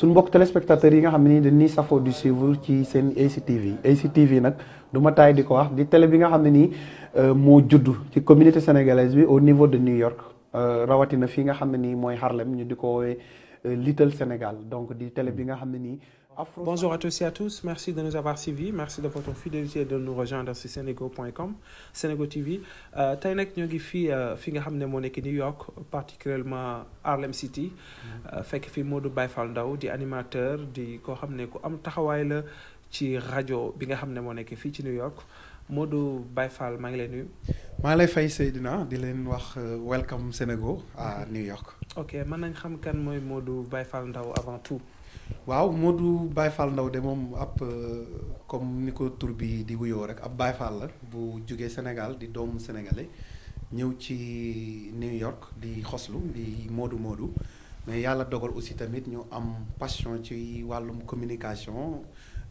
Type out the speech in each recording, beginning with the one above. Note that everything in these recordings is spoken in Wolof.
su mbokk téléspectateurs yi nga xam ne nii dañuy safoo di suivre ci seen ACTV ACTV nag du ma taay di ko wax di télé bi nga xam ne nii euh, moo juddu ci communauté sénégalaise bi au niveau de New York euh, rawatina fii nga xam ne nii mooy Harlem ñu di ko woowee euh, Little Sénégal donc di télé bi nga xam ne nii Afro Bonjour à tous et à tous. Merci de nous avoir suivis. Merci de votre fidélité de nous rejoindre sur senego.com, Senego TV. Euh, tey nag ñoo ngi fii euh, fi nga xam ne moo nekk New York particulièrement Harlem City. Mm-hmm. Euh, fekk fi Modou Baye Fall Ndao di animateur di koo xam ne ku am taxawaay la ci rajo bi nga xam ne moo nekk fii ci New York. Modou Baye Fall maa ngi lay nuyu. maa lay fay na di leen wax welcome Senego à mm-hmm. New York. ok mën nañ xam kan mooy Modou Baye Fall waaw Modou Baye Fall Ndao de moom ab euh, comme ni ko tur di wuyoo rek ab Baye Fall la bu jógee Sénégal di doomu sénégalais ñëw ci New York di xoslu di moodu moodu mais yàlla dogal aussi tamit ñu am passion ci wàllum communication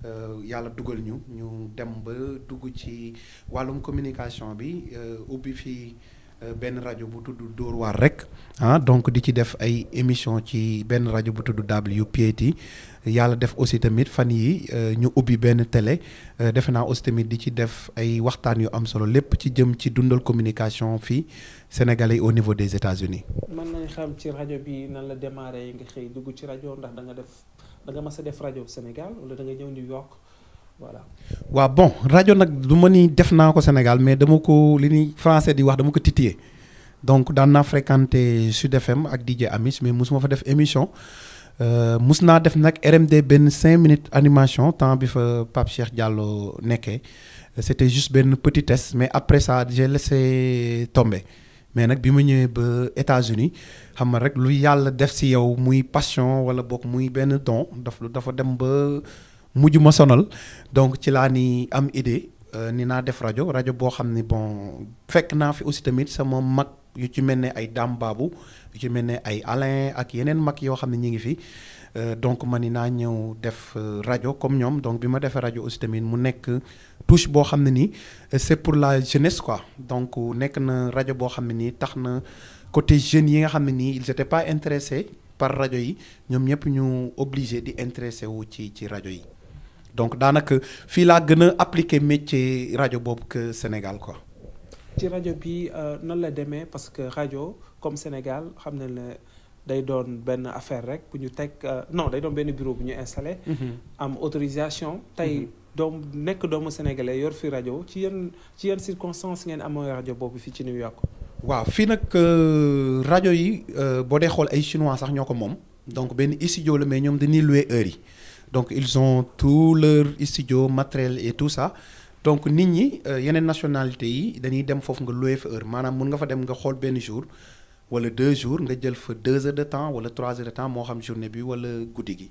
euh, yàlla dugal ñu ñu dem ba dugg ci wàllum communication bi euh, ubbi fii. Euh, benn rajo bu tudd Dóor waar rek ah donc di ci def ay émission ci benn rajo bu tudd WPAT yàlla def aussi tamit fan yi euh, ñu ubbi benn télé euh, defe naa aussi tamit di ci def ay waxtaan yu am solo lépp ci jëm ci dundal communication fii sénégalais yi au niveau des États-Unis man nañ xam ci rajo bi nan la démarré nga xëy dugg ci rajo ndax da nga def da nga mas def rajo Sénégal wala da nga ñëw New York voilà. waaw bon rajo nag du ma ni def naa ko Sénégal mais dama ko li ñuy français di wax dama ko titillé donc daan naa fréquenté Sud FM ak DJ Amis mais mosuma fa def émission euh, mos naa def nag RMD benn cinq minutes animation temps bi fa Pape Cheikh Diallo nekkee c'était juste benn petit mais après ça j'ai laissé tombe mais nag bi ma ñëwee ba États-Unis xam nga rek lu yàlla def si yow muy passion wala bokk muy benn don daf dafa dem ba. mujj ma sonal donc ci laa ni am idée euh, ni naa def rajo rajo boo xam ne bon fekk naa fi aussi tamit sama mag yu ci mel ni ay Dame Babou yu ci mel ne ay Alain ak yeneen mag yoo xam ne ñu ngi fi euh, donc ma ni naa ñëw def euh, rajo comme ñoom donc bi ma defee rajo aussi tamit mu nekk touche boo xam ne nii c'est pour la jeunesse quoi donc nekk na rajo boo xam ne nii tax na côté jeunes yi nga xam ne nii il ils étaient pas intéressés par rajo yi ñoom ñëpp ñu obligé di intéressé wu ci ci rajo yi. donc daanaka fii laa gën a appliqué métier rajo boobu que Sénégal quoi. ci rajo bi euh, nan la demee parce que rajo comme Sénégal xam na ne day doon benn affaire rek bu ñu teg euh, non day doon benn bureau bu ñu installé. Mhm. am autorisation tey. Mhm. doom nekk doomu sénégalais yor fi rajo ci yenn ci yenn circonstances ngeen amoo rajo boobu fii ci New York. waaw fii nag euh, rajo yi boo dee xool ay chinois sax ñoo ko moom donc benn studio la mais ñoom dañuy loué heure yi. donc ils ont tout leur studio matériel et tout ça donc nit ñi euh, yeneen nationalité yi dañuy dem foofu nga loué fa heure maanaam mun nga fa dem nga xool benn jour wala deux jours nga jël fa deux heures de temps wala trois heures de temps moo xam journée bi wala guddi gi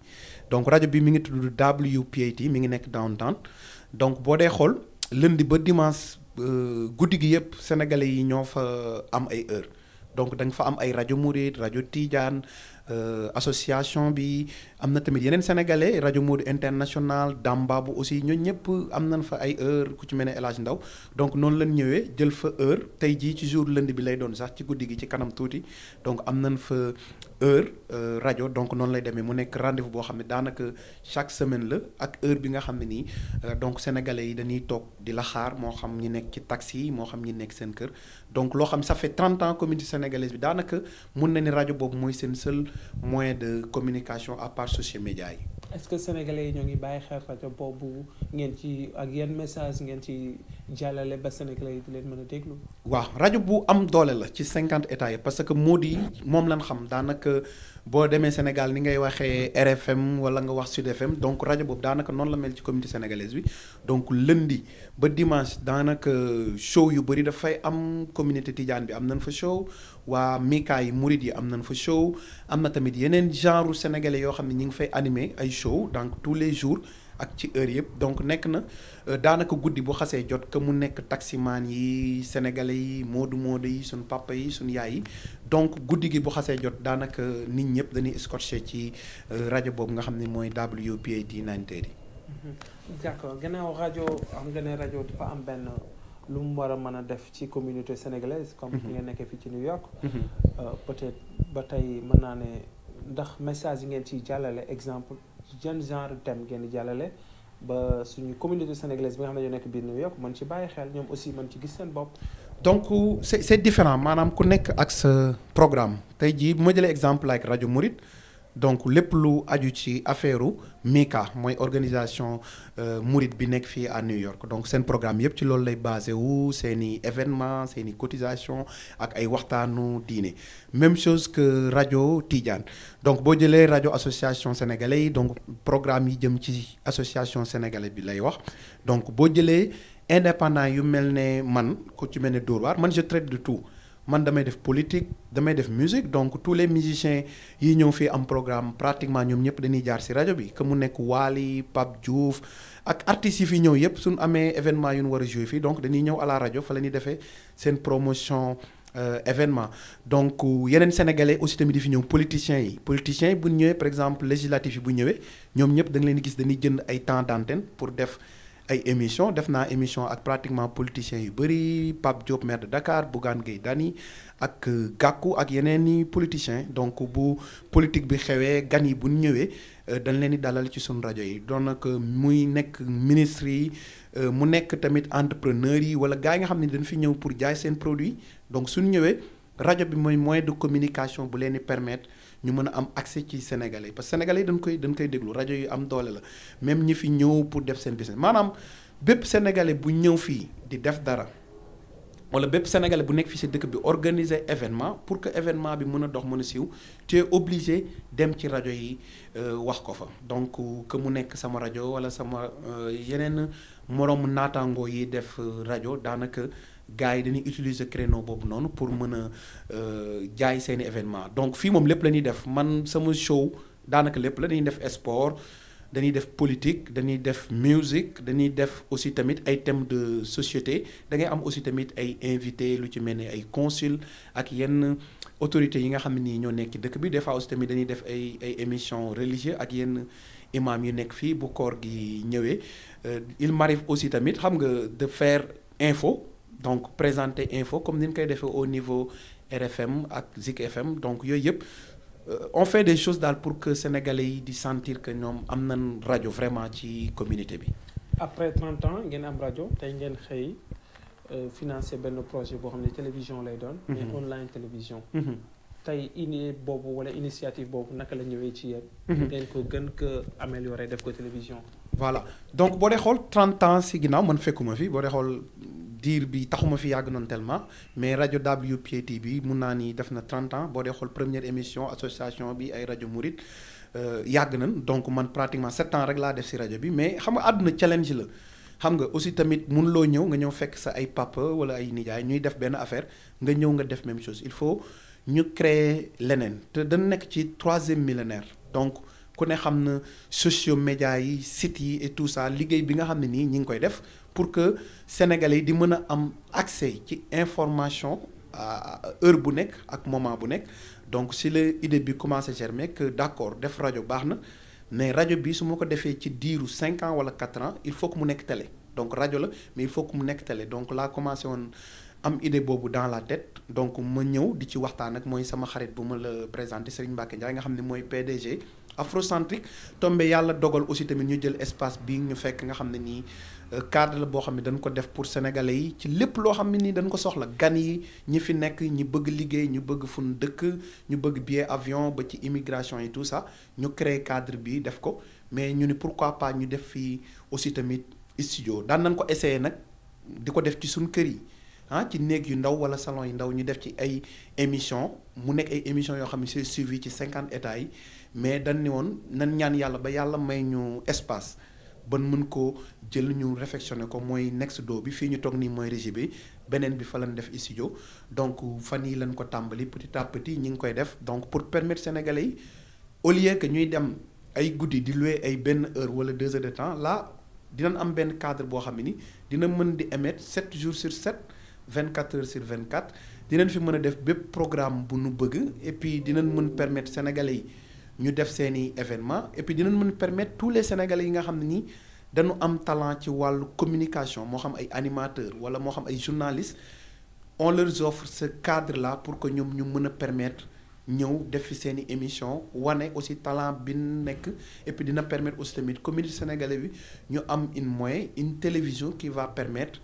donc rajo bi mi ngi tudd WPAT mi ngi nekk downtown donc boo dee xool lundi ba dimanche euh, guddi gi yëpp sénégalais yi ñoo fa euh, am ay heure donc da fa am ay rajo Mouride rajo Tidiane. Euh, association bi am na tamit yeneen sénégalais rajo Modou international bu aussi ñooñu ñëpp am nañ fa ay heure ku ci mel ne El Ndaw donc noonu lañ ñëwee jël fa heure tey jii ci jour lënd bi lay doon sax ci guddi gi ci kanam tuuti donc am nañ fa heure euh, rajo donc noonu lay demee mu nekk rendez boo xam ne daanaka chaque semaine la ak heure bi nga xam ne nii euh, donc sénégalais yi dañuy toog di la xaar moo xam ñi nekk ci taxi yi moo xam ñi nekk seen kër donc loo xam ça fait 30 ans communauté bi daanaka mun na ni rajo boobu mooy seen seul moyen de communication à part social média yi est-ce que sénégalais yi ñoo ngi bàyyi xel rajo boobu ngeen ci ak yenn message ngeen ci jàllale ba sénégalais yi di leen mën a déglu. waaw rajo bu am doole la ci cinquante état yi parce que moo di moom lañ xam daanaka boo demee Sénégal ni ngay waxee RFM wala nga wax Sud FM donc rajo boobu daanaka noonu la mel ci communauté sénégalaise bi donc lundi ba dimanche daanaka show yu bëri dafay am communauté tidiane bi am nañ fa show waa Mika yi Murid yi am nañ fa show am na tamit yeneen genre sénégalais yoo xam ne ñu ngi fay animé ay. show donc tous les jours ak ci heure yëpp donc nekk na euh, daanaka guddi bu xasee jot que mu nekk taximaan yi sénégalais yi moodu moodu yi suñu papa yi suñu yaay yi donc guddi gi bu xasee jot daanaka nit ñëpp dañuy scotché ci euh, rajo boobu nga xam ni mooy WPAT 90 yi. Mm-hmm. d'accord gannaaw rajo xam nga ne rajo dafa am benn lu mu war a mën a def ci communauté sénégalaise. comme ki mm-hmm. nga nekkee fii ci New York. Mm-hmm. Euh, peut-être ba tey mën naa ne ndax message yi ngeen ciy jàllale exemple. jan genre thème ngeen di jàllale ba suñu communauté sénégalaise bi nga xam ne ñoo nekk biir New York mën ci bàyyi xel ñoom aussi mën ci gis seen bopp. donc c'est c'est différent maanaam ku nekk ak sa programme tey jii moo jëlee exemple like rajo Mouride. donc lépp lu aju ci affaire MICA mooy organisation euh, Mouride bi nekk fii à New York donc seen programme yëpp ci loolu lay basé wu seen événement seeni i cotisation ak ay waxtaanu diine même chose que rajo Tidiane donc boo jëlee rajo association sénégalais yi donc programme yi jëm ci association sénégalais bi lay wax donc boo jëlee indépendant yu mel ne man ko ci mel ne Dóor waar man je traite de tout man damay def politique damay def musique donc tous les musiciens yi ñëw fii am programme pratiquement ñoom ñëpp dañuy jaar ci rajo bi que mu nekk Waly Pape Diouf ak artistes yi fi ñëw yëpp suñu amee événement yu ñu war a jouer fii donc dañuy ñëw à la rajo fa la ñuy defee seen promotion euh, événement donc euh, yeneen sénégalais aussi tamit di fi ñëw politiciens yi politicien yi bu ñëwee par exemple législatif yi bu ñëwee ñoom ñëpp da leen gis dañuy jënd ay temps d'antenne pour def. ay émission def naa émission ak pratiquement politiciens yu bëri Pape Diop maire de Dakar Bougane Gueye Dany ak euh, Gakou ak yeneen i politiciens donc bu politique bi xewee gan yi bu ñëwee euh, dañ leen di dalal ci suñu rajo yi doon nag euh, muy nekk ministre yi mu nekk tamit entrepreneurs yi wala gars yi xam ne dañ fi ñëw pour jaay seen produit donc suñu ñëwee rajo bi mooy moyen de communication bu leen di permettre ñu mën a am accès ci sénégalais parce que sénégalais dañ koy dañ koy déglu rajo yi am doole la même ñi fi ñëw pour def seen business maanaam bépp sénégalais bu ñëw fii di def dara wala bépp sénégalais bu nekk fii si dëkk bi organiser événement pour que événement bi mën a dox mën a siiw te es dem ci rajo yi euh, wax ko fa donc que mu nekk sama rajo wala sama euh, yeneen moroom naataangoo yi def euh, rajo daanaka. gars yi dañuy utiliser créneau boobu noonu pour mën a euh, jaay seeni événement donc fii moom lépp la def man sama show daanaka lépp la dañuy def sport dañuy def politique dañuy def musique dañuy def aussi tamit ay thèmes de société da ngay am aussi tamit ay invité lu ci mel ni ay consul ak yenn autorités yi nga xam ne nii ñoo nekk dëkk bi des fois aussi tamit dañuy def ay ay émissions religieuses ak yenn imam yu nekk fii bu koor gi ñëwee euh, il m'arrive aussi tamit xam nga de faire info donc présenter info comme ni ñu koy defee au niveau RFM ak Zik FM donc yooyu yëpp euh, on fait des choses daal pour que sénégalais yi di sentir que ñoom am nañ rajo vraiment ci communauté bi. après 30 ans ngeen am rajo tey ngeen xëy euh, financer benn projet boo xam ne télévision lay doon. mais mhm. online télévision. Mhm. tey ini boobu wala initiative boobu naka la ñëwee ci yéen. Mhm. ngeen ko gën ko améliorer def ko télévision. voilà donc boo dee xool 30 si ginnaaw man diir bi taxuma fi yàgg noonu tellement mais rajo WPT bi mun naa ni def na 30 ans boo dee xool première émission association bi ay rajo Murit euh, yàgg nañ donc man pratiquement 7 ans rek laa def si rajo bi mais xam nga àdduna challenge la. xam nga aussi tamit mun loo ñëw nga ñëw fekk sa ay papa wala ay nijaay ñuy def benn affaire nga ñëw nga def même chose il faut ñu créer leneen te dan nekk ci troisième millénaire donc. ku ne xam na sociaux médias yi sites yi et tout ça liggéey bi nga xam ne nii ñi ngi koy def pour que sénégalais yi di mën a am accès ci information heure bu nekk ak moment bu nekk donc si la idée bi commencé germer que d'accord def rajo baax na mais rajo bi su ma ko defee ci diiru cinq ans wala quatre ans il faut que mu nekk télé donc rajo la mais il faut que mu nekk télé donc laa commencé woon am idée boobu dans la tête donc ma ñëw di ci waxtaan ak mooy sama xarit bu ma la présenté Serigne Mbacke Ndiaye nga xam ne mooy PDG. afrocentrique tombe yàlla dogal aussi tamit ñu jël espace bi ñu fekk nga xam ne nii euh, cadre la boo xam ne dañ ko def pour sénégalais yi ci lépp loo xam ne nii dañ ko soxla gan yi ñi fi nekk ñi bëgg liggéey ñu bëgg fun dëkk ñu bëgg billet avion ba ci immigration yi tout sax ñu créer cadre bi def ko mais ñu ni pourquoi pas ñu def fii aussi tamit studio daan nañ ko essayer nag di ko def ci suñ kër yi ah ci néeg yu ndaw wala salon yu ndaw ñu def ci ay émission mu nekk ay émission yoo xam ne c'est suivi ci cinquante états yi mais dañ ni woon nan ñaan yàlla ba yàlla may ñu espace ban mën ko jël ñu réfectionné ko mooy next do bi fii ñu toog nii mooy régie bi beneen bi fa lañ def studio donc fan yi lañ ko tàmbali petit à petit ñi ngi koy def donc pour permettre sénégalais yi au lieu que ñuy dem ay guddi di louer ay benn heure wala deux heures de temps là dinañ am benn cadre boo xam ne ni dina mën di émettre 7 jours sur 7 24 heures sur 24 dinañ fi mën a def bépp programme bu nu bëgg et dinañ mën permettre sénégalais yi. ñu def seen i événement et puis dinañ mën permettre tous les sénégalais yi nga xam ne nii dañu am talent ci wàllu communication moo xam ay animateur wala moo xam ay journaliste on leur offre ce cadre la pour que ñoom ñu mën a permettre ñëw def fi seen i émission wane aussi talent bi nekk et dina permettre aussi tamit communauté sénégalais bi ñu am une moyen une télévision qui va permettre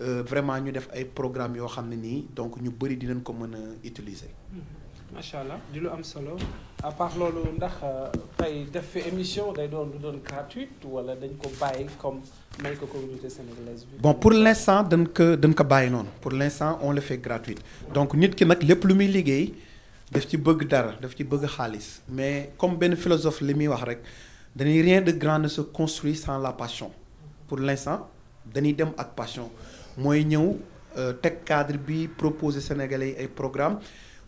Euh, vraiment ñu def ay programme yoo xam ne nii donc ñu bëri dinañ ko mën a utiliser. Mm-hmm. macha allah di lu am solo à part loolu ndax euh, tey def fi émission day doon lu doon gratuite wala dañ ko bàyyi comme may ko communauté sénégalaise bi. bon pour l' instant dañ ko dañ ko bàyyi noonu pour l' instant on le fait gratuite donc nit ki nag lépp lu muy liggéey daf ci bëgg dara daf ci bëgg xaalis mais comme benn philosophe li muy wax rek dañuy rien de grand ne se construit la passion pour l' instant dañuy dem ak passion. mooy ñëw euh, teg cadre bi proposer Sénégalais yi ay programme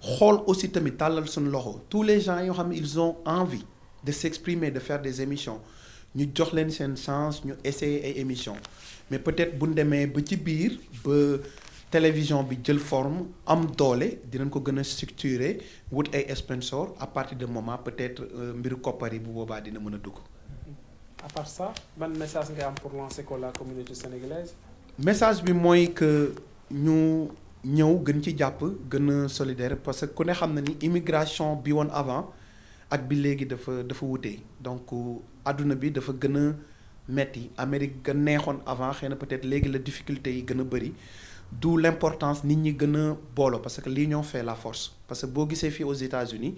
xool aussi tamit tàllal suñu loxo tous les gens yoo xam ne ils ont envie de s'exprimer de fair des émissions ñu jox leen seen chance ñu essayer ay émissions mais peut-être bu ñu demee ba ci biir ba télévision bi jël forme am doole dinañ ko gën a structurer wut ay sponsor à partir de moment peut-être euh, mbiru koppar yi bu boobaa dina mën a dugg. à part ça ban nga am pour lancer ko la communauté message bi mooy que ñu ñëw gën ci jàpp gën a solidaire parce que ku ne xam na ni immigration bi woon avant ak bi léegi dafa dafa wute donc àdduna bi dafa gën a metti Amérique gën neexoon avant xëy peut-être léegi la difficulté yi gën a bëri d'où l'importance nit ñi gën a booloo parce que ñoo fait la force parce que boo gisee fii aux États-Unis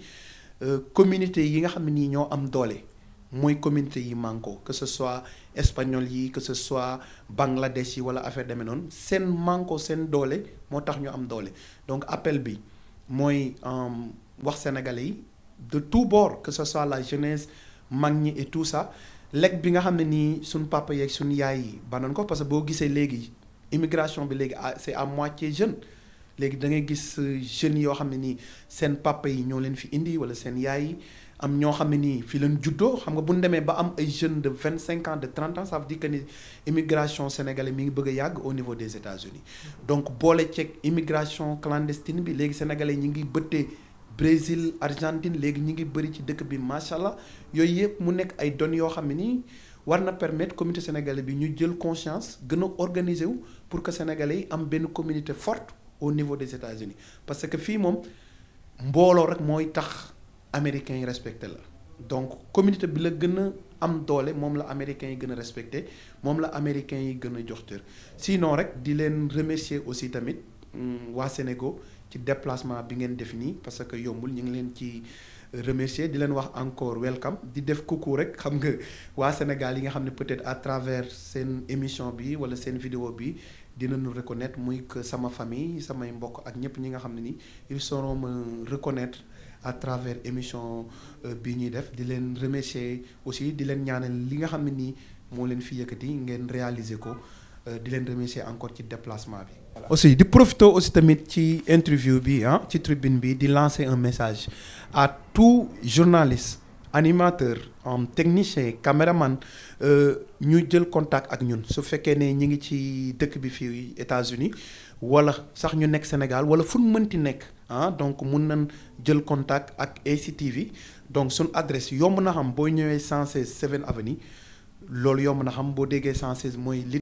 euh, communauté yi nga xam ne nii ñoo am doole. mooy communauté yi manko que ce soit espagnol yi que ce soit bangladesh yi wala affaire demee noonu seen manko seen doole moo tax ñu am doole donc appel bi mooy euh, wax sénégalais yi de tout bord que ce soit la jeunesse mag ñi et tout ça lekk bi nga xam ne nii suñ papa yeeg suñ yaay yi banoon ko parce que boo gisee léegi immigration bi léegi ah, c'est à moitié jeune léegi da ngay gis euh, jeunes yoo xam ne nii seen papa yi ñoo leen fi indi wala seen yaay yi am ñoo xam ne nii fii lañ juddoo xam nga bu ñu demee ba am ay jeune de vingt cinq ans de trente ans ça veut dire immigration sénégalaise mi ngi bëgg yàgg au niveau des États-Unis donc boole ceeg immigration clandestine bi léegi sénégalais ñi ngi bëttee Brésil Argentine léegi ñi ngi bëri ci dëkk bi macha allah yooyu yëpp mu nekk ay données yoo xam ne nii war na permettre communauté sénégalaise bi ñu jël conscience gën a organiser wu pour que sénégalais yi am benn communité forte au niveau des États-Unis parce que fii moom mbooloo rek mooy tax. américains yi respecté la donc communauté bi la gën a am doole moom la américains yi gën a respecté moom la américains yi gën a jox tër sinon rek di leen remercier aussi tamit waa Sénégal ci déplacement bi ngeen def nii parce que yombul ñu ngi leen ci remercier di leen wax encore welcome di def coucou rek xam nga waa Sénégal yi nga xam ne peut-être à travers seen émission bi wala seen vidéo bi dinañu reconnaître muy que sama famille samay mbokk ak ñëpp ñi nga xam ne ni ils sauront me à travers émission euh, bi ñuy def di leen remercier aussi di leen ñaanal li nga xam ne nii moo leen fi yëkkati ngeen réaliser ko euh, di leen remercier encore ci déplacement aussi di profiter aussi tamit ci interview bi ah ci tribune bi di lancer un message à tout journaliste animateur en technicien caméraman euh, ñu jël contact ak ñun su fekkee ne ñu ngi ci dëkk bi fii États-Unis wala sax ñu nekk Sénégal wala fu mu mënti nekk. ah donc mun na jël contact ak ACTV donc suñ adresse yomb na xam boo ñëwee 116 7 aveni loolu yomb na xam boo déggee 116 mooy.